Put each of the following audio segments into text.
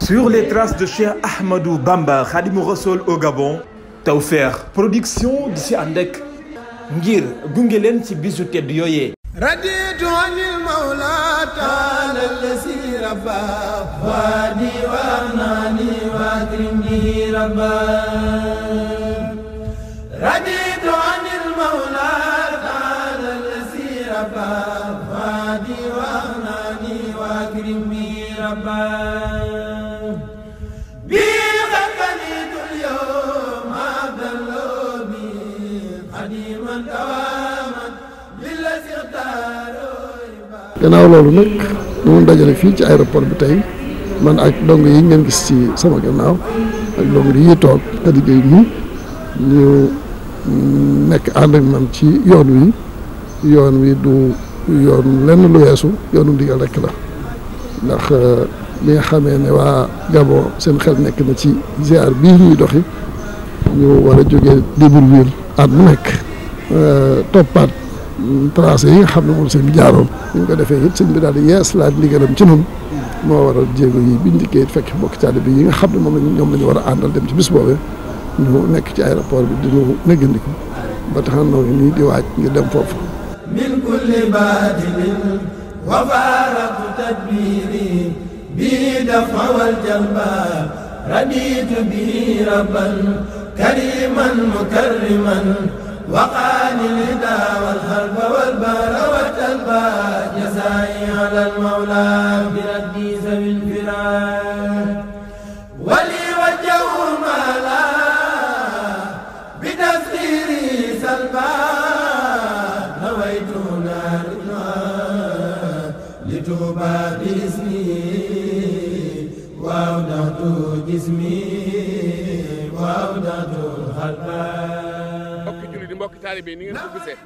Sur les traces de Cheikh Ahmadou Bamba Khadimou Rassoul au Gabon Tawfekh Production di si ànd ngir gunge leen ci bisu tedd yooyee raditu anil mawla ta'ala allazi rabba wa di wa nani gannaaw loolu nag ñu ngi dajale fii ci aéroport bi tey man ak dong yi ngeen gis ci sama gannaaw ak dong yi toog Khady Gueye mi ñu mm, nekk ànd ak man ci yoon wi yoon wi du yoon lenn lu weesu yoonu ndigal rek la ndax euh, bi nga xamee ne waa Gabon seen xel nekk na ci ziar bii ñuy doxi ñu war a jógee Libreville at mu nekk euh, toppaat tracé yi nga xam ne moom sëñ bi jaaroon bi ñu ko defee it sëñ bi daal di yees laaj ndigalam ci noonu moo waral jéego yi biñ dikkee fekk bokk caali bi yi nga xam ne moom lañ ñoom la ñu war a àndal dem ci bis boobee ñu nekk ci aéroport bi di ñu néggandiku ba tax noo ngi nii di waaj ngir dem foofu min kulli baatinin wa faaratu tadbiri bi dafa wal jalba raditu bi rabban kariman mukarriman وقاني الهدى والهرب والبار والتلبى جزائي على المولى بربي ذوي الفراق ولي وجه مالا بتسخيري سلبا نويت نار لتوبى باسمي واودعت جسمي jotaay bi ni ngeen ko gisee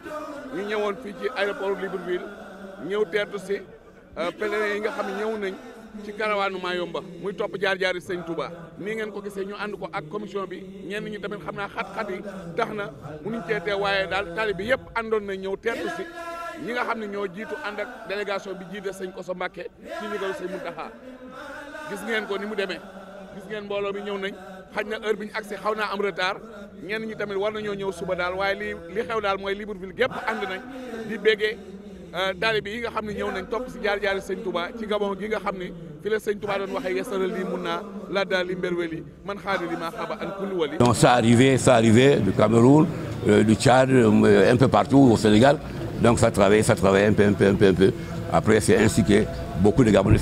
ñu ñëwoon fii ci aéroport Libreville ñëw teertu si euh, pèlerins yi nga xam ne nañ ci karawaanu yomba muy topp jaar-jaari sëñ Touba nii ngeen ko gisee ñu ànd ko ak commission bi ñenn ñi tamit xam naa xat-xat dax tax na munuñ teetee waaye daal tali bi yëpp àndoon nañ ñëw teertu si ñi nga xam ne ñoo jiitu ànd ak délégation bi jiite sëñ Koso Mbàkke ci ndigal sëñ Muntaxa gis ngeen ko ni mu demee gis ngeen mbooloo bi ñëw nañ xaj na heure bi ñu agsi xaw naa am retard ñenn ñi tamit war nañoo ñëw suba daal waaye li xew daal mooy Libreville gépp ànd nañ di béggee euh, taalibe yi nga xam ne ñëw nañ topp si jaar jaari sëñ Touba ci Gabon gi nga xam ne fi la sëñ Touba doon waxee yesaral lii mun naa laa daal li mberweli man xaari li maa xaba an kulli wali donc ça arrivait ça arrivait du Cameroun euh, du Tchad euh, un peu partout au Sénégal donc ça travaillait un peu un peu après c'est ainsi que beaucoup de Gabonais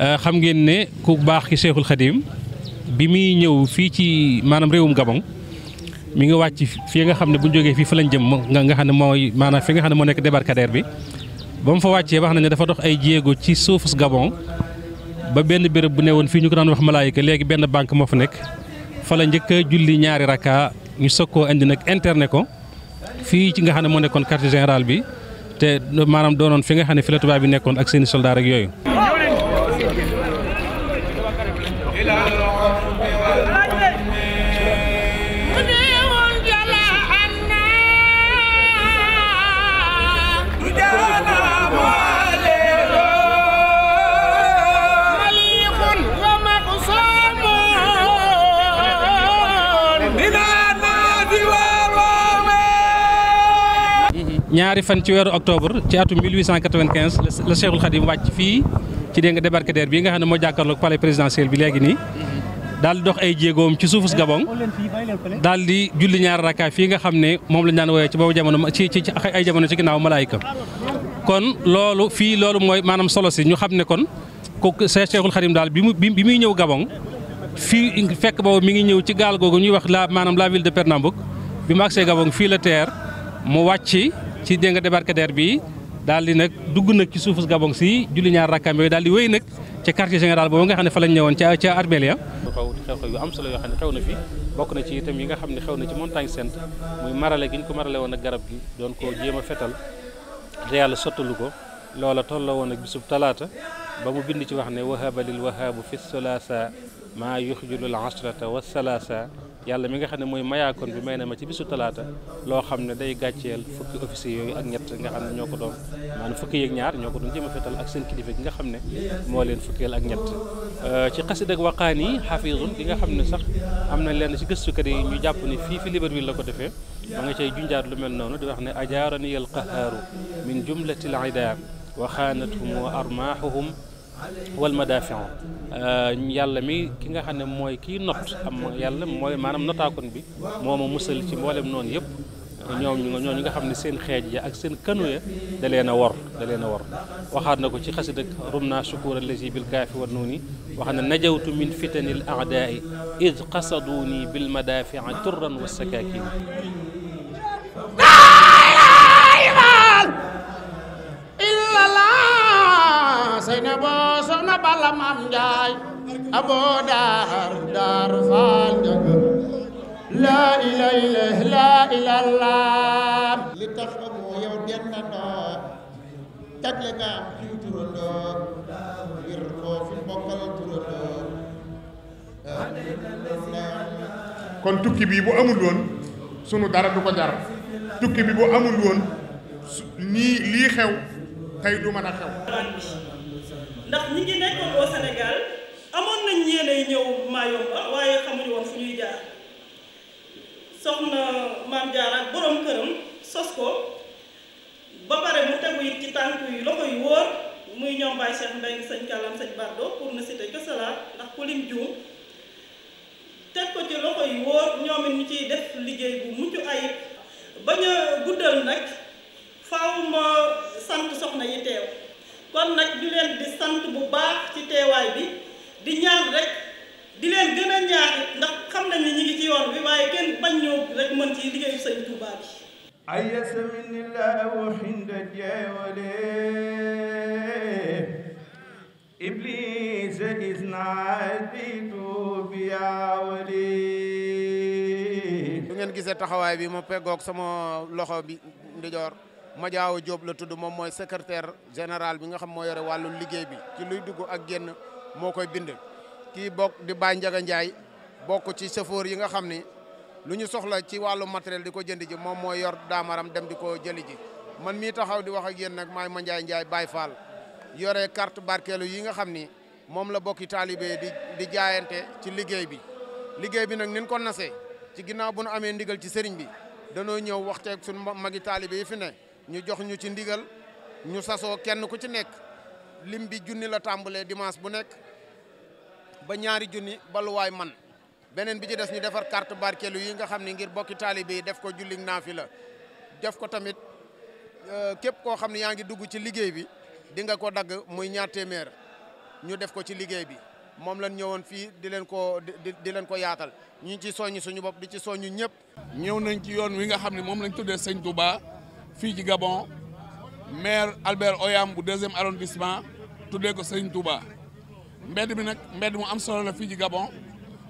Euh, xam ngeen ne ku baax ki Cheikhul Khadim bi muy ñëw fii ci maanaam réewum Gabon mi ngi wàcc fii nga xam ne bu ñu jógee fii fa lañ jëm nga xam ne mooy maanaam fi nga xam ne moo nekk débarcadère bi ba mu fa wàccee wax nañ dafa dox ay jéego ci suufus Gabon ba benn béréb bu ne woon fii ñu ko daan wax malaayika léegi benn banque moo fa nekk fa la julli ñaari rakka ñu soog koo indi nag internet ko fii ci nga xam ne moo nekkoon quartier général bi te maanaam doonoon fi nga xam ne fi tubaab bi nekkoon ak seeni soldaar yooyu. ñaari fan ci weeru octobre ci atum 1895 la Cheikhul Khadim wàcc fii ci dégg nga débarcadère bii nga xam ne moo jàkkaarloog palais présidentiel bi léegi nii daal di dox ay jéegoom ci suufus Gabon daal di julli ñaari rakkaay fii nga xam ne moom lañ daan woowee ci boobu jamono ci ci ay jamono ci ginnaaw malaayika kon loolu fii loolu mooy maanaam solo si ñu xam ne kon ku Cheikhul Khadim daal bi mu bi muy ñëw Gabon fii fekk boobu mi ngi ñëw ci gaal googu ñuy wax la maanaam la ville de Pernambouc bi mu agsee fii la teer mu wàcc ci dégg nga débarcadère bi daal di nag dugg nag ci suufu Gabon si julli ñaar rakkaam yooyu daal di wéy nag ci quartier général boobu nga xam ne fa la woon ca ca armeel ya xew am solo yoo xam ne xew na fi bokk na ci yi nga xam ne xew na ci montagne sainte muy marale gi ñu ko marale woon ak garab gi doon ko jéem a fetal te yàlla sottalu ko loola tolloo woon ak bisub talaata ba mu bind ci wax ne wahaba lil wahabu fi salaasa maa yuxjulul asrata wa salaasa yàlla mi nga xam ne mooy mayaakoon bi may na ma ci bisu talaata loo xam ne day gàcceel fukki officier yooyu ak ñett nga xam ne ñoo ko doon maanaam fukki yeeg ñaar ñoo ko doon jëm a fetal ak seen kilifa gi nga xam ne moo leen fukkeel ak ñett euh, ci xasid ak waqaan yi xafiisun nga xam ne sax am na lenn ci gëstukat yi ñu jàpp ni fii fi Libreville la ko defee ma nga cay junjaat lu mel noonu di wax ne ajaarani al qahaaru min jumlati al idaar wa xaanatuhum wa wal madaafiu euh, yàlla mi ki nga xam ne mooy kiy not am yàlla mooy maanaam notaakon bi moo ma musal ci mboolem noonu yëpp ñoom ñu ñoo ñi nga xam ne seen xeej ya ak seen kanu ya da leen a wor da leen a wor waxaat na ko ci xasid ak rum naa sukuur allazi bil kaafi war nuuni wax na najawtu min fitani l aadaai id qasaduu nii bil madaafiu wa sakaakin Zeynabo soxna Balla Maam li tax amoo yow dendandoo tagle nga am ciy turandoo ngir koo fi bokkal turandoo kon tukki bii bu amul woon sunu dara du ko jar tukki bi bu amul nii lii xew tey du mën a xew ndax ñi ngi nekkoon au Sénégal amoon nañ ñeeneen ñëw Mayumba waaye xamuñu woon fu ñuy jaar soxna maam Diarra ak borom këram sos ko ba pare mu tegu it ci tànk yu loxo yu wóor muy ñoom Baye Cheikh Mbengue sëñ Kalam sëñ Bardo pour ne citer que ndax ku lim juum teg ko ci loxo yu wóor ñoom ñu ciy def liggéey bu mucc ayib bañ a guddal nag faaw ma sant soxna yi teew. kon nag di leen di sant bu baax ci teewaay bi di ñaan rek di leen gën a ñaaxi ndax xam nañ ñi ngi ci yoon bi waaye kenn bañ ñoo rek mën ci liggéeyu sëñ Touba bi ayasa minillah wa xinda jeewale iblis isnaditu bi yaawali bu ngeen gisee taxawaay bi mu peggoog sama loxo bi ndijoor Madiaw Diop la tudd moom mooy secrétaire général bi nga xam moo yore wàllu liggéey bi ci luy dugg ak génn moo koy bind kii bokk di Baye Ndiaga Ndiaye bokk ci chauffeur yi nga xam ni lu ñu soxla ci wàllu matériel di ko jënd ji moom mooy yor daamaram dem di ko jëli ji man mii taxaw di wax a génn nag maay Mandiaye Ndiaye Baye Fall yore carte barkeelu yi nga xam ni moom la bokki taalibe di di jaayante ci liggéey bi liggéey bi nag nin ko nasee ci ginnaaw bu nu amee ndigal ci sëriñ bi danoo ñëw waxteeg suñu magi taalibe yi ñu jox ñu ci ndigal ñu sasoo kenn ku ci nekk lim bi junni la tàmbalee dimance bu nekk ba ñaari junni ba lu man beneen bi ci des ñu defar carte barkeelu yi nga xam ni ngir bokki taalibe yi def ko julli la def ko tamit euh, képp koo xam ne yaa ngi dugg ci liggéey bi di nga ko dagg muy ñaar téeméer ñu def ko ci liggéey bi moom lañ ñëwoon fii di leen ko di leen ko yaatal ñu ngi ci soññ suñu bopp di ci soññ ñëpp ñëw nañ ci yoon wi nga xam ne moom lañ tuddee sëñ Touba fii ci Gabon maire Albert Oyam bu deuxième arrondissement tuddee ko Serigne Touba mbedd bi nag mbedd mu am solo la fii ci Gabon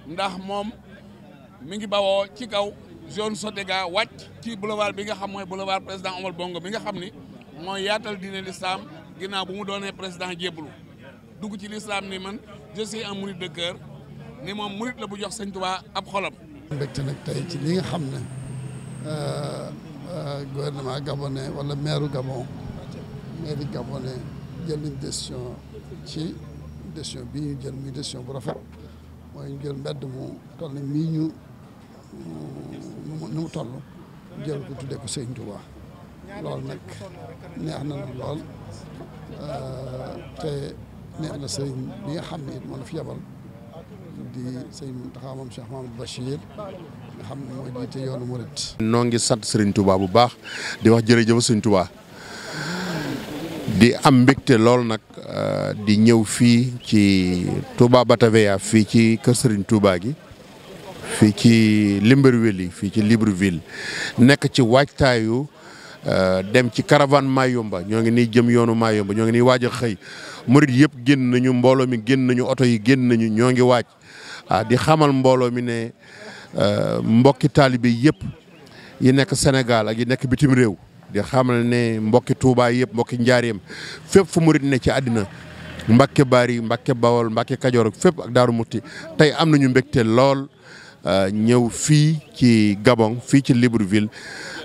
ndax moom mu ngi bawoo ci kaw zone Sotega wàcc ci boulevard bi nga xam mooy boulevard président Omar Bongo bi nga xam ni mooy yaatal diine l'islam ginnaaw bu mu doonee président jébbalu dugg ci l'islam ni man je suis un mouride de cœur ni moom mouride la bu jox Serigne Touba ab xolam. te nag tey ci li nga xam ne. Euh, Euh, gouvernement gabonais wala maire Gabon maire gabonais jël nañ décision ci décision bi ñu jël muy décision bu rafet mooy ñu jël mbedd mu toll ni mii ñu nu mu toll jël ko tuddee ko Sëñ Touba loolu nag neex na na lool euh, te neex na sëriñ bi nga xam ne it fi yabal di sëñ Mountakha moom Cheikh noo ngi sant Serigne Touba bu baax di wax jërëjëf Serigne Touba di am mbégte lool nag euh, di ñëw fii ci Touba Bataveya fii ci kër Serigne Touba gi fii ci Libreville fii ci Libreville nekk ci waajtaayu euh, dem ci caravane Mayumba ñoo ngi nii jëm yoonu Mayumba ñoo ngi ni waaj xëy murit yëpp génn nañu mbooloo mi génn nañu oto yi génn nañu ñoo ngi waaj ah di xamal mbooloo mi ne euh, mbokki taalibe yépp yi nekk Sénégal ak yi nekk bitim réew di xamal ne mbokki Touba yëpp mbokki Njaareem fépp fu murit ne ci àddina Mbàkke Bari Mbàkke Bawol Mbàkke Kajoor ak fépp ak Daaru Muti tey am na nañu mbégte lool euh, ñëw fii ci Gabon fii ci Libreville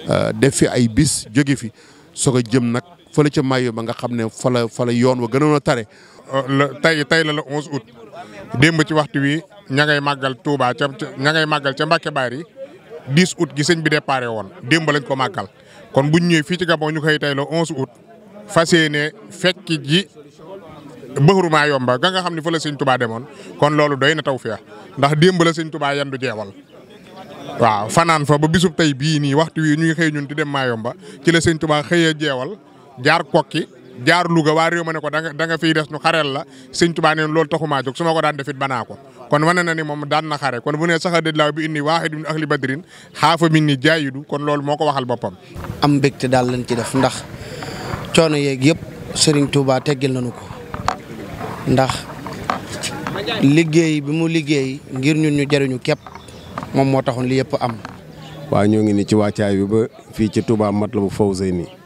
euh, def fi ay bis jóge fi soog a jëm nag fële ca may ba nga xam ne fa la yoon wa gënoon a tare. la tey tey la démb ci waxtu wi ña màggal Touba ca ña màggal ca baar yi 10 août gi sëñ bi déparé woon démb ko màggal kon bu ñëwee fii ci Gabon ñu koy tayloo 11 août fas yéene fekk ji bëxru maa yomba ka nga xam ne fa la sëñ Touba demoon kon loolu doy na taw tawfeex ndax démb la sëñ Touba yendu jeewal waaw fanaan fa ba bisu tey bii nii waxtu wi ñu ngi xëy ñun ti dem maa yomba ci la sëñ Touba xëyee jeewal jaar kokki jaar Louga waa réew ma ne ko da nga da des nu xareel la sëñ Tuubaa neen loolu taxumaa jóg su ma ko daan defit banaa ko kon wane na ni moom daan na xare kon bu ne saxadid laaw bi indi waaxid min ahli badrin xaafa ni jaayidu kon loolu moo ko waxal boppam am mbégte daal lañ ci def ndax coono yeeg yëpp sëriñ Tuubaa teggil nañu ko ndax liggéey bi mu liggéey ngir ñun ñu jëriñu képp moom moo taxoon li yëpp am waaw ñoo ngi ni ci wàccaay bi ba fii ci Touba Matlabul Fawzayni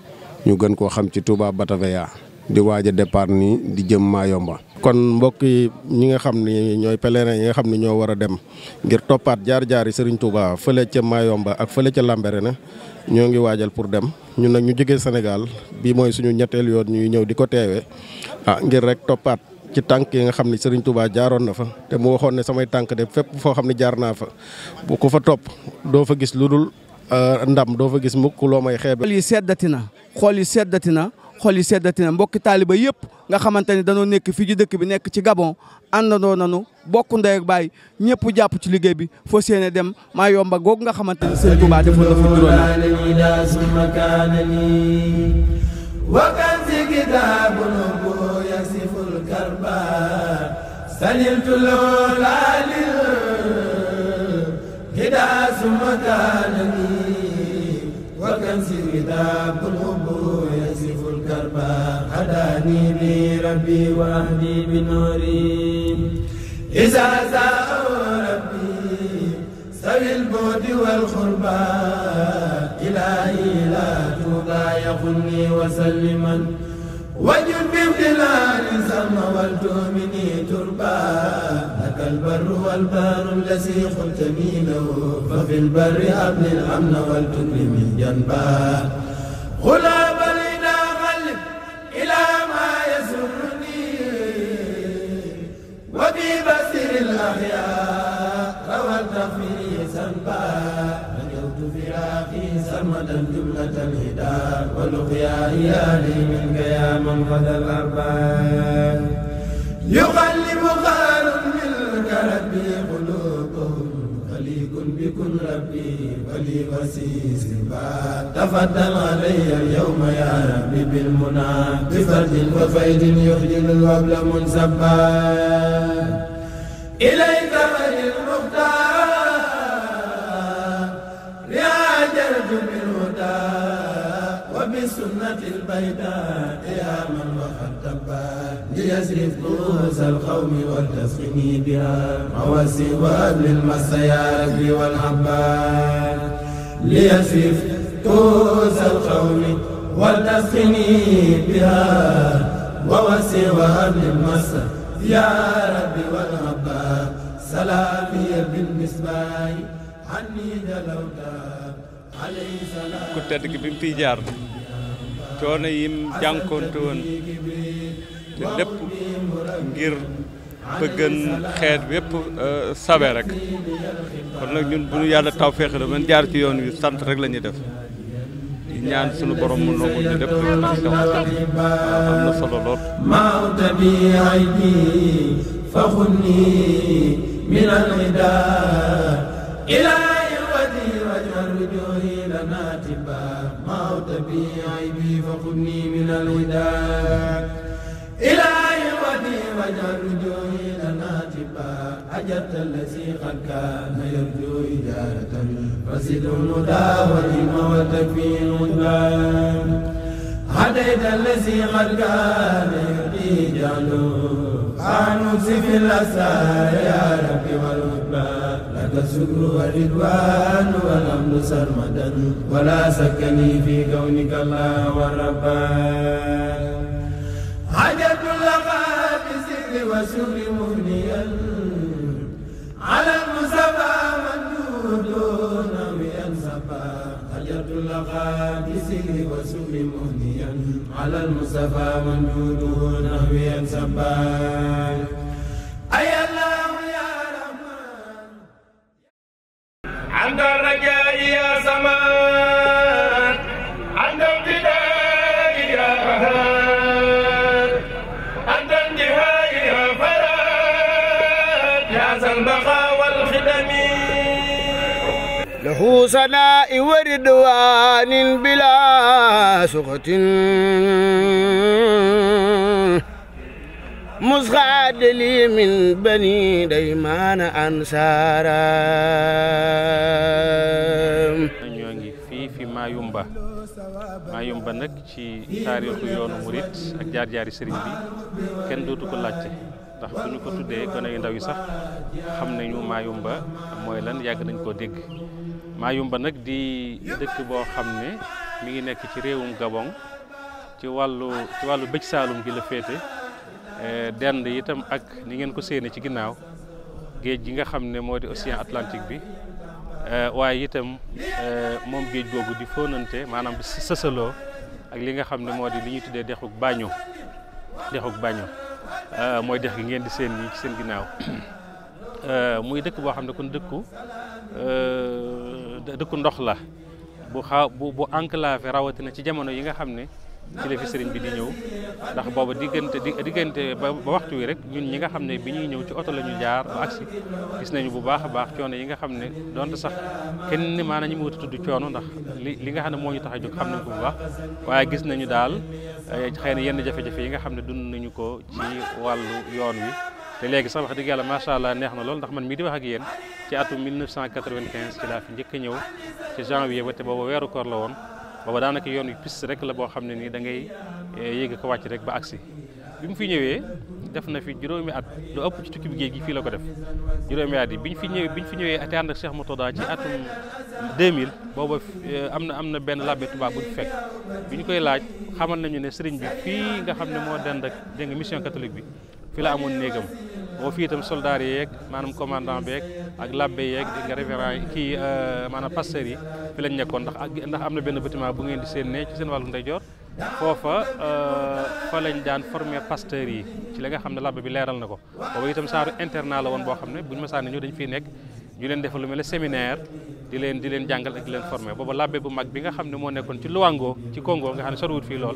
ñu gën koo xam ci Touba Bataveya di waaja a nii di jëm Mayomba. kon mbokk yi ñi nga xam ni ñooy pèlerin yi nga xam ni ñoo war a dem ngir toppaat jaar-jaari sëriñ Touba fële ca Mayomba ak fële ca na ñoo ngi waajal pour dem ñun nag ñu jógee Sénégal bii mooy suñu ñetteel yoon ñuy ñëw di ko teewee ah ngir rek toppaat. ci tànk yi nga xam ne sëriñ Touba jaaroon na fa te mu waxoon ne samay tànk de fépp foo xam ne jaar naa fa bu ko fa topp doo fa gis lu ndam doo fa gis mukk loo may xeebe. xool yi seddati na xool yi seddati na xool yi seddati na mbokki taaliba yépp nga xamante ne danoo nekk fii ci dëkk bi nekk ci Gabon àndandoo nanu bokk ndey ak baay ñëpp jàpp ci liggéey bi foo séene dem maa yomba googu nga xamante ne sëñ Touba defoon na fa juróom. هدا سمتانني وكنزي وداب الحب يسف الكربا هداني لي ربي وأهدي بنوري إذا زاء ربي سوي البعد والخربى إلهي لا توضع يغني وسلما وجد بامتلال سما والتؤمني تربى فالبر والبار الذي قلت مينه ففي البر أبن الأمن والتكرم جنبا غلام لنا غلب إلى ما يسرني وفي بسر الأحياء روى في سنبا نجوت فراقي سرمدا جملة الهدى ولقيا إيالي منك يا من قد الأرباب كن ربي ولي وسيس بعد تفضل علي اليوم يا ربي بالمنى بفرد وفيد يخجل الوبل منسبا إليك من المختار يا جرد بالهدى وبسنة البيداء يسرف نوس القوم والتسقني بها مواسي وابل المس يا ربي والعباد ليسرف كوس القوم والتسقني بها ووسي وابل المس يا ربي والعباد سلامي بالمسباي عني جلوتا عليه سلام كنت أدرك بمتي جار coono yim jànkonte woon te lépp ngir bëggan xeet wépp euh, sawe rek kon nag ñun bu ñu yàlla taw feexe da man jaar ci yoon wi sant rek la ñuy def di ñaan suñu borom mu nangu ñu lépp rek ndax sax am na solo lool إلهي ودي واجعل وجوهي لنا تبا موت بي عيبي فخذني من الهدى هجرت الذي قد كان يرجو إجارة فسد المدى والإمام والتكفين مدبان هديت الذي قد كان يرجي جعله عن في الأسرار يا ربي والمدبان لك الشكر والرضوان والأمن سرمدا ولا سكني في كونك الله والربان حاجة لك بسر وشكر المقادس وسلم مهنيا على المصطفى من نوره نهويا سبان أي الله يا رحمن عند الرجاء يا سمان له سناء وردوان بلا سخط مسخاد لي من بني ديمان أنصارا fi Mayumba Mayumba nag ci taarixu yoonu murit ak jaar-jaari sëriñ bi kenn dootu ko laajte ndax bu ñu ko tuddee gone yu ndaw yi sax xam nañu Mayumba mooy lan yàgg nañ ko dégg Mayumba nag di dëkk boo xam ne mu ngi nekk ci réewum Gabon ci wàllu wàllu bëj saalum gi la féete eh, dend itam ak ni ngeen ko séene ci ginnaaw géej gi nga xam ne moo di océan Atlantique bi eh, waaye itam eh, moom géej googu di fóonante maanaam di sësaloo ak li nga xam ne moo di li ñuy tuddee dexuk baño dexuk baño mooy dex gi ngeen di seen yi ci seen ginnaaw muy dëkk boo xam ne kon dëkku dëkku ndox la bu xaw bu bu enclavé rawatina ci jamono yi nga xam ne ci la fi sëriñ bi di ñëw ndax booba diggante diggante ba waxtu wi rek ñun ñi nga xam ne bi ñuy ñëw ci oto la jaar ba agsi gis nañu bu baax a baax coono yi nga xam ne donte sax kenn maanaam ñi mu wut a tudd coono ndax li li nga xam ne moo ñu tax a jóg xam nañ ko bu baax waaye gis nañu daal eh, xëy yenn jafe-jafe yi nga xam ne dund nañu ko ci wàllu yoon wi te léegi sax wax dëgg yàlla macha allah neex na lool ndax man mii di wax ak yéen ci atum 1995 ci laa fi njëkk a ñëw ci janvier ba te booba weeru koor la woon booba daanaka yoon wi piste rek la boo xam ne ni da ngay eh, yéeg ko wàcc rek ba agsi bi mu fi ñëwee def na fi juróomi at lu ëpp ci tukki bi géej gi fii la ko def juróomi at yi bi ñu fi ñëwee bi ñu fi ñëwee te ànd ak Cheikh Mourtada ci atum 2000 booba eh, am na am na benn labbe tubaab bu ñu fekk bi ñu koy laaj xamal nañu ne sëriñ bi nga xam ne moo dend dégg nga mission bi fi la amoon néegam boo fii itam soldaar yi yeeg maanaam commandant beeg ak labbe yeeg di nga révérend kii euh, maanaam pasteur yi fi lañ nekkoon ndax ndax am na benn bâtiment bu ngeen di seen ne ci seen wàllu ndeyjoor foofa euh, fa lañ daan former pasteur yi ci la nga xam ne labbe bi leeral na ko booba itam saaru internat la woon boo xam ne buñu ma ne ñëw dañ fiy nekk ñu leen defal lu mel ne séminaire di leen di leen jàngal ak di leen former booba labbe bu mag bi nga xam ne moo nekkoon ci Luango ci Congo nga xam ne soriwut fii lool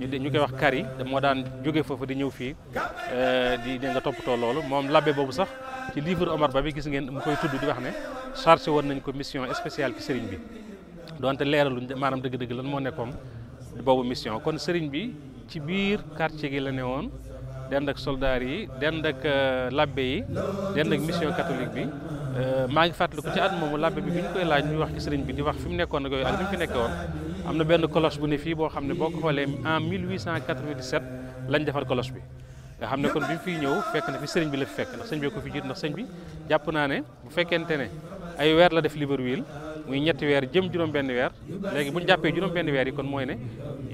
ñu ñu koy wax kari moo daan jóge foofu di ñëw fii euh, di di nga too loolu moom labbe boobu sax ci livre Omar Ba bi gis ngeen mu koy tudd di wax ne chargé woon nañ ko mission spéciale ci sëriñ bi donte leeraluñ maanaam dëgg-dëgg lan moo nekkoon boobu mission kon sëriñ bi ci biir quartier gi la ne woon dend ak soldaar yi dend ak euh, labbe yi dend ak mission catholique bi euh, maa ngi fàttaliku ci at moomu labbe bi bi ñu koy laaj ñu wax ci sëriñ bi di wax fi mu nekkoon ak yooyu ak fi mu fi nekkoon am na benn cloche bu ne fii boo xam ne boo ko xoolee en 1897 lañ defar cloche bi. nga xam ne kon bi mu fiy ñëw fekk na fi sëriñ bi la fi fekk ndax sëñ bi ko fi jiit ndax sëñ bi jàpp naa ne bu fekkente ne ay weer la def Libreville muy ñetti weer jëm juróom-benn weer léegi bu ñu jàppee juróom-benn weer yi kon mooy ne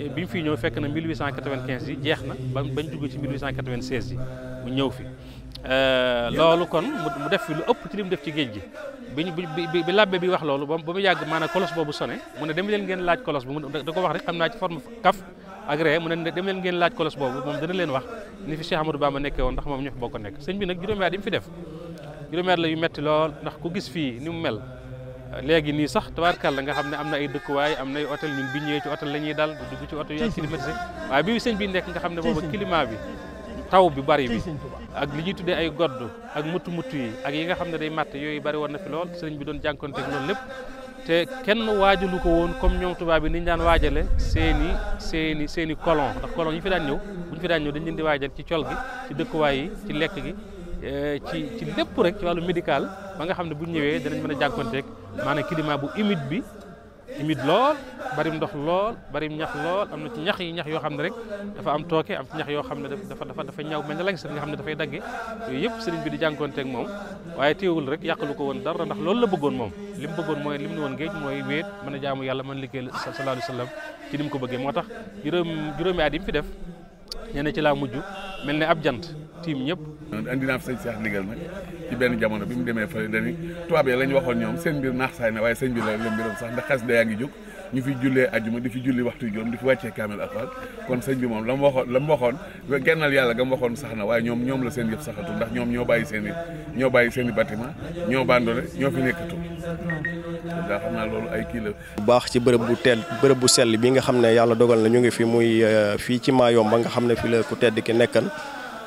bi mu fi ñëw fekk na yi jeex na ba bañ dugg ci yi mu ñëw fi euh, loolu kon mu def fi lu ëpp ci li mu def ci géej gi bi bi bi labbe bi wax loolu ba mu yàgg maanaam kolos boobu sone mu ne dem leen ngeen laaj kolos bi mu da ko wax rek xam naa ci kaf ak ree mu ne dem leen ngeen laaj kolos boobu moom dana leen wax ni fi Cheikh Amadou Bamba nekkee woon ndax moom ñoo fi bokk nekk sëñ bi nag juróomi at yi mu fi def juróomi at la yu metti lool ndax ku gis fii léegi nii sax tabaarkàlla nga xam ne am na ay dëkkuwaay am na ay hôtel ñun bi ñëwee ci hôtel la ñuy dal dugg ci hôtel yooyu climatisé waaye bi sëñ bi nekk nga xam ne booba climat bi taw bi bari bi ak li ñuy tuddee ay godd ak mutu mutt yi ak yi nga xam ne day matt yooyu bari woon na fi lool sëñ bi doon jànkonteeg loolu lépp te kenn waajalu ko woon comme ñoom tubaab bi ni ñu daan waajale seeni seeni seeni colon ndax colon yi fi daan ñëw bu fi daan ñëw dañ leen di waajal ci col gi ci dëkkuwaay yi ci lekk gi Eh, ci ci lépp rek ci wàllu médical ba nga xam ne bu ñëwee danañ mën a jànkonteeg maanaam climat bu humide bi humide lool bari ndox lool bari ñax lool am na ci ñax yi ñax yoo xam ne rek dafa am tooke am ci ñax yoo xam ne dafa dafa dafa ñaw mel ne lañ nga xam ne dafay dagge yooyu yëpp sëriñ bi di jànkonteeg moom waaye téewul rek yàqalu ko woon dara ndax loolu la bëggoon moom li mu bëggoon mooy li ne woon géej mooy wéet mën a jaamu yàlla mën liggéey sallallahu alayhi wa sallam ci ni mu ko bëggee moo tax juróom juróomi at yi mu fi def ñenn ci laa mujj mel ne ab jant tiim ñëpp. andi naa fi sëñ Cheikh ndigal nag ci benn jamono bi mu demee fële dañuy tubaab yi lañ waxoon ñoom seen mbir naax saay na waaye seen mbir la la sax ndax xas da yaa ngi jóg ñu fi jullee ajjuma di fi julli waxtu juróom di fi wàccee kaamil alxuraan kon sëñ bi moom la mu waxoon la mu gennal yàlla ga mu waxoon sax na waaye ñoom ñoom la seen yëpp saxatu ndax ñoom ñoo bàyyi seen i ñoo bàyyi seen i bâtiment ñoo bandone ñoo fi nekkatu daa xam naa loolu ay kii la baax ci bërëb bu teel bërëb bu sell bi nga xam ne yàlla dogal na ñu ngi fi muy euh, fii ci Mayumba nga xam ne fi la ku tedd ki nekkan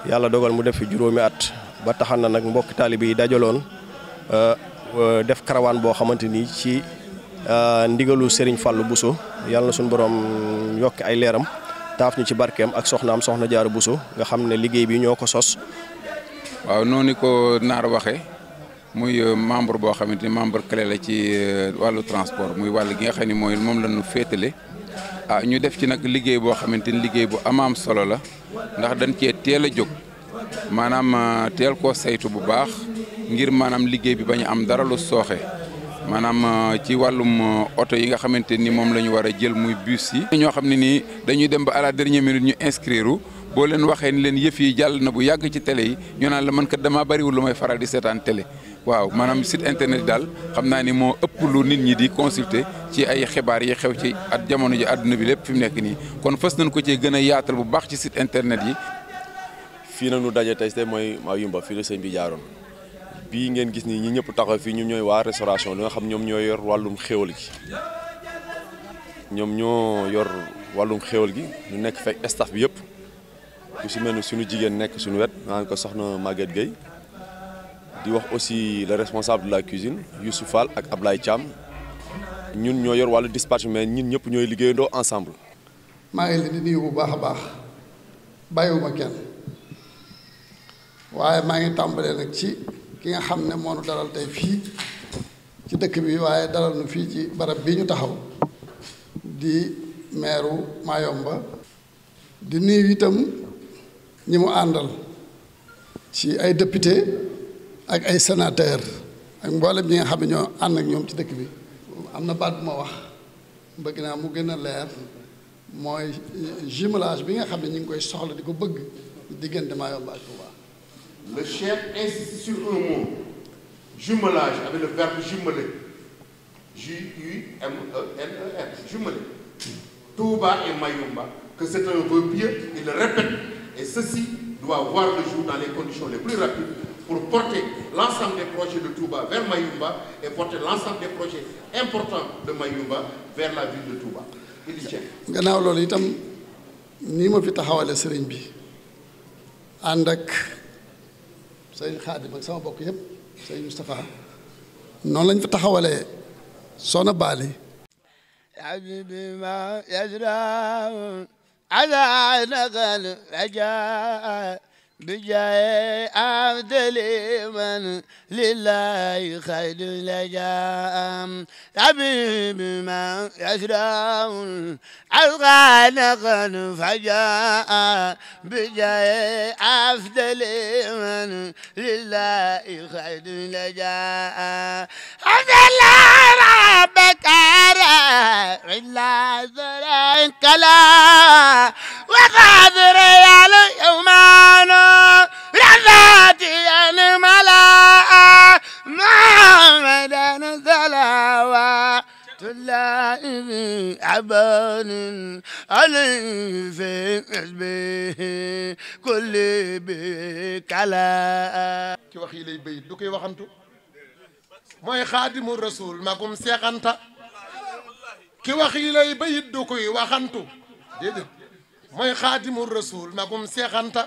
yàlla dogal mu def fi juróomi at ba taxan na nag mbokki taalibe yi dajaloon euh, euh, def karawaan boo xamante ni ci euh, ndigalu Serigne Fallou Bousso yàlla suñ boroom borom yokki ay leeram taaf ñu ci barkeem ak soxnaam soxna jaar Bousso nga xam ne liggéey bi ñoo ko sos. waaw noonu ko naar waxee muy membre boo xamante ni membre clé la ci wàllu transport muy wàll gi nga xam mooy moom la ñu féetale. ah ñu def ci nag liggéey boo xamante ni liggéey bu amaam solo la ndax dañ cee teel a jóg maanaam ah, teel koo saytu bu baax ngir maanaam liggéey bi bañ a am dara lu sooxe maanaam ah, ci wàllum ah, oto yi nga xamante ni moom la ñu war a jël muy buus yi. ñoo xam ne nii dañuy dem ba à la dernière minute ñu inscrire boo leen waxee ni leen yëf yi jàll na bu yàgg ci tele yi ñu naan la man kat damaa bariwul lu may faral di seetaan tele waaw maanaam site internet daal xam naa ni moo ëpp lu nit ñi di consulter ci ay xibaar yi xew ci at jamono ji àdduna bi lépp fi mu nekk nii kon fës nañ ko ci gën a yaatal bu baax ci site internet yi. fii na nu daje tey tey mooy Mayumba fii la seen bi jaaroon bii ngeen gis nii ñi ñëpp taxaw fii ñu ñooy waa restauration li nga xam ñoom ñoo yor wàllum xéwal gi ñoom ñoo yor wàllum xéwal gi ñu nekk fekk staff bi yëpp. ku si mel ni suñu jigéen nekk suñu wet naan ko soxna màgget Gueye di wax aussi le responsable de la cuisine Youssou Fall ak Ablaye Thiam ñun ñoo yor wàllu dispatch mais ñun ñëpp ñooy liggéeyandoo ensemble. maa ngi leen di nuyu bu baax a baax bàyyiwuma kenn waaye maa ngi tàmbalee nag ci ki nga xam ne moo nu dalal tey fii ci dëkk bi waaye dalal nu fii ci barab bi ñu taxaw di meeru Mayomba di nuyu itam. ñi mu àndal ci ay député ak ay sénateur ak mboolem ñi nga xam ne ñoo ànd ak ñoom ci dëkk bi am na baat bu ma wax bëgg naa mu gën a leer mooy jumelage bi nga xam ne ñu ngi koy soxla di ko bëgg diggante Mayumba ak Touba. Le chef insiste sur un mot jumelage avec le verbe jumeler j e e il le répète. Et ceci doit voir le jour dans les conditions les plus rapides pour porter l'ensemble des projets de Touba vers Mayumba et porter l'ensemble des projets importants de Mayumba vers la ville de Touba. Idi Cheikh. gannaaw loolu itam nii ma fi taxawale sëriñ bi ànd ak sëriñ Xaadim ak sama bokk yëpp sëriñ Moustapha noonu lañ fi taxawalee Soxna Bali. على نغل رجاء بجاي عبد لمن لله خير لجاء حبيب ما يشرع علقى نغل فجاء بجاي عبد لمن لله خير لجاء عبد الله رب ترى إلا ذرا كلا وقادر على يومان رضاتي أن ملا محمدا صلوات الله عبان علي في حزبه كل بكلا ki wax yi lay béy du koy waxantu mooy xaadimu rasul magum seexanta ki wax yi lay bayit du koy waxantu déedéet mooy xaadimul rasuul magum seexanta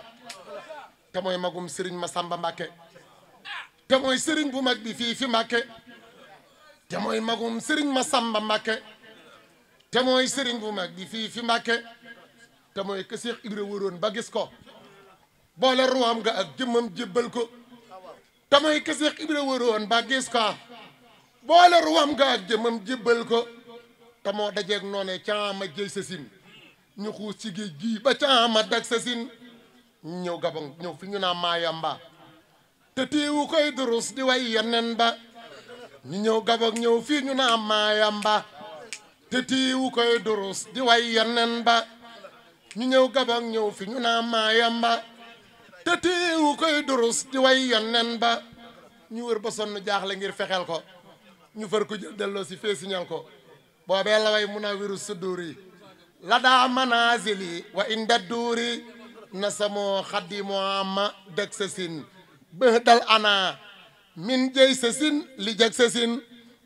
te mooy magum sëriñ Masamba Mbàkke te mooy sëriñ bu mag bi fii fi Mbàkke te mooy magum sëriñ Masamba Mbàkke te mooy sëriñ bu mag bi fii fi Mbàkke te mooy ke Seex Ibra ba gis ko boole ruwaam nga ak jëmmam jébbal ko te mooy ke Seex Ibra ba gis ko boole ruwaam nga ak jëmmam jébbal ko te moo dajeeg caama jëy sa ñu xuus ci géej gii ba caama dag sa sin ñëw gabon ñëw fi ñu naa maayamba koy durus di way ba ñu ñëw gabon ñëw fii ñu naa maayamba te tiiwu koy durus di way yenen ba ñu ñëw gabon ñëw fi ñu naa maayamba te tiiwu koy durus di way yenen ba ñu wër ba sonn jaaxle ngir fexeel ko ñu fër ko jël delloo si fee siñal ko boobee la way munawiru suduri la daa manazili wa inda duuri na samoo xadimu amma dëg sa sin bë dal ana min jëy sa li jëg sa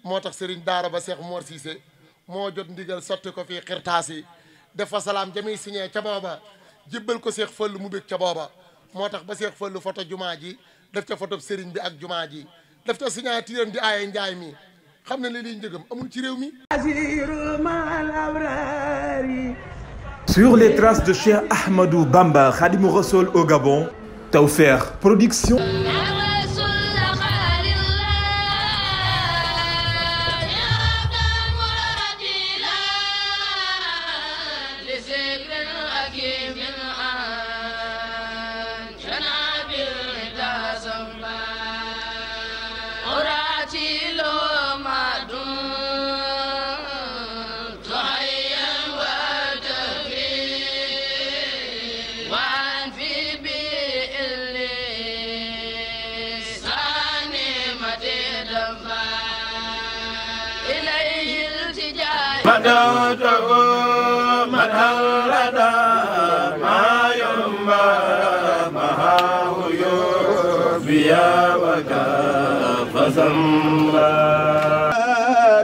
moo tax sëriñ daara ba seex moor siise moo jot ndigal sotti ko fii xirtaas yi dafa salaam jamiy siñee ca booba jibbal ko seex fëllu mu bég ca booba moo tax ba seex fëllu foto jumaa ji def ca foto sëriñ bi ak jumaa ji def ca signature di aaye njaay mi xam na ne lii njëgam amul ci réew mi. Sur les traces de Cheikh Ahmadou Bamba Khadimou Rassoul au Gabon, Tawfekh Production.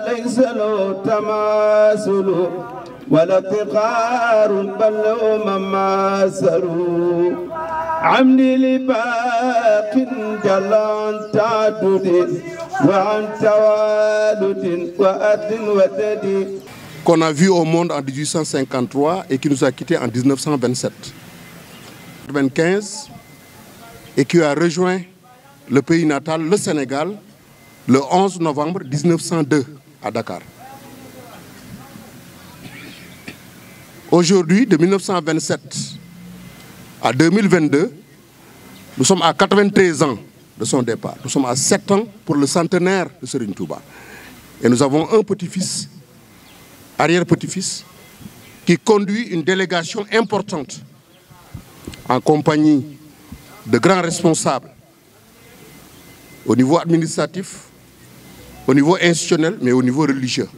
ليس له تماثل ولا افتقار بل هم ماثلوا عملي لباق جل عن تعدد وعن توالد وأد وتدي qu'on a vu au monde en 1853 et qui nous a quittés en 1927. 1995 et qui a rejoint le pays natal, le Sénégal, le 11 novembre 1902 à Dakar. Aujourd'hui, de 1927 à 2022, nous sommes à 93 ans de son départ. Nous à 7 ans pour le centenaire de Serine Touba. Et nous avons un petit arrière-petit-fils, qui conduit une délégation importante en compagnie de grands responsables au niveau administratif, au niveau institutionnel, mais au niveau religieux.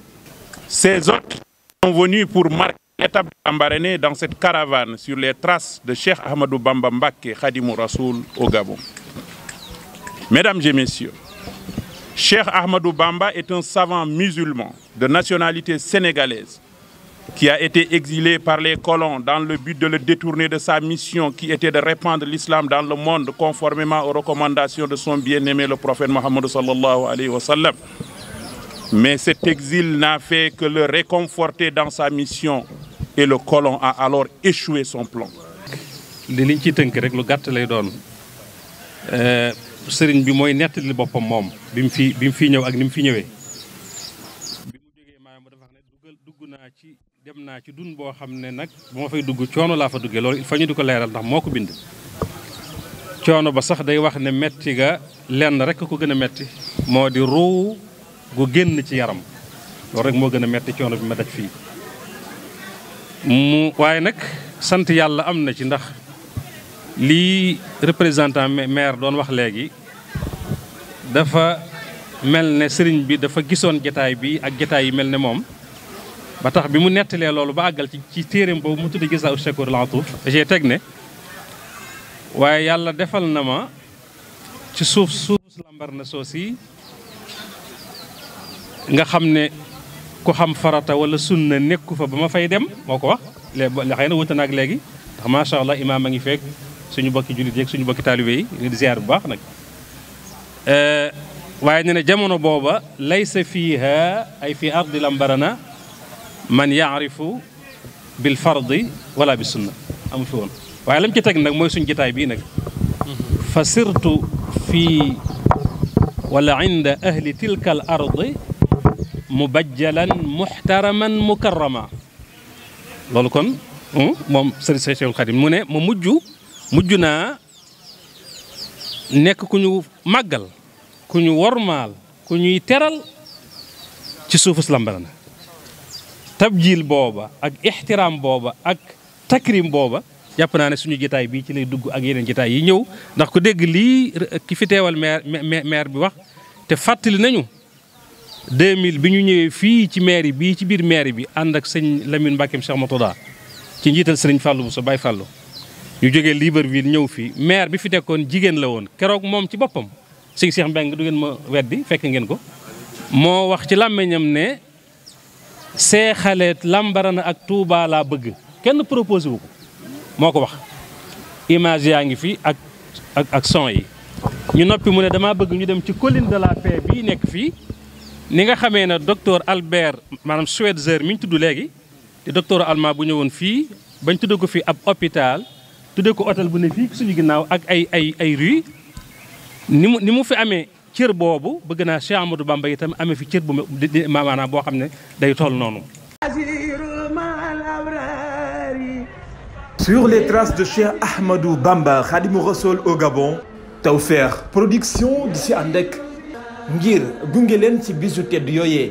Ces autres sont venus pour marquer l'étape de Tambaréné dans cette caravane sur les traces de Cheikh Ahmadou Bamba Mbacké Khadimou Rassoul au Gabon. Mesdames et messieurs, Cheikh Ahmadou Bamba est un savant musulman de nationalité sénégalaise qui a été exilé par les colons dans le but de le détourner de sa mission qui était de répandre l'islam dans le monde conformément aux recommandations de son bien-aimé le prophète Mohammed sallallahu alayhi wa Mais cet exil n'a fait que le réconforter dans sa mission et le colon a alors échoué son plan. tënk rek lu gàtt doon. Euh, sëriñ bi mooy nettali boppam moom bi mu fi bi mu fi ñëw ak ni mu fi ñëwee bi mu jógee maanaam dafa xam ne dugg naa ci dem naa ci dun boo xam ne nag bu ma fay dugg coono laa fa duggee loolu il faut ñu di ko leeral ndax moo ko bind coono ba sax day wax ne metti ga lenn rek ko gën a metti moo di ruu gu génn ci yaram loolu rek moo gën a metti coono bi ma daj fii mu waaye nag sant yàlla am na ci ndax lii représentant maire doon wax léegi dafa mel ne sëriñ bi dafa gisoon jataay bi ak jataay yi mel ne moom ba tax bi mu nettalee loolu ba àggal ci ci téeréem boobu mu tuddi Jazaa Shakur Latouf j'ai teg ne waaye yàlla defal na ma ci suuf suuf lambar na soos yi nga xam ne ku xam farata wala sunna nekku fa ba ma fay dem moo ko wax léegi xëy na wuute léegi ndax macha allah imaam a ngi fekk suñu bokki jullit yeeg suñu bokki taalibe yi di ziar bu baax nag Eh, waaye nee na jamono booba laysa fiiha ay fi ardi lambarana man yaarifu bil fardi wala bi sunna amu fi woon waaye lam ci teg nag mooy suñ jataay bii nag fa sirtu fii wala inda ahli tilka al ardi mubajjalan muxtaraman mukarrama loolu kon hmm, moom sëriñ Seexul Xadim mu ne ma mujj mujj naa nekk ku ñu màggal ku ñu wormaal ku ñuy teral ci suufu islam bala na tabjil booba ak ixtiraam booba ak takrim booba jàpp naa ne suñu jitaay bii ci lay dugg ak yeneen jitaay yi ñëw ndax ku dégg lii ki fi teewal maire maire bi wax te fàttali nañu 2000 bi ñu ñëwee fii ci maire bii ci biir maire bi ànd ak sëñ Lamine Mbackeem Cheikh Matoda ci njiital sëriñ Fallou Moussa Baye Fallou ñu jógee Libreville ñëw fii maire bi fi tekkoon jigéen la woon keroog moom ci boppam si sëñ Cheikh Mbeng du ngeen ma weddi fekk ngeen ko moo wax ci làmmiñam ne seexaleet na ak Touba laa bëgg kenn proposé wu ko moo ko wax image yaa ngi fi ak ak ak son yi ñu noppi mu ne damaa bëgg ñu dem ci colline de la paix bii nekk fii ni nga xamee ne docteur Albert maanaam Schweitzer mi ñu tudd léegi te docteur allemand bu ñëwoon fii bañ tudd ko fii ab hôpital tudde ko hôtel bu ne fii suñu ginnaaw ak ay ay ay ni mu ni mu fi amee cër boobu bëgg naa Cheikh Amadou Bamba itam amee fi cër bu maanaam boo xam ne day toll noonu. Sur les traces de Cheikh Ahmadou Bamba Khadimou Rassoul au Gabon Tawfekh Production di si ànd ak ngir gunge leen ci bisu tedd yooyee.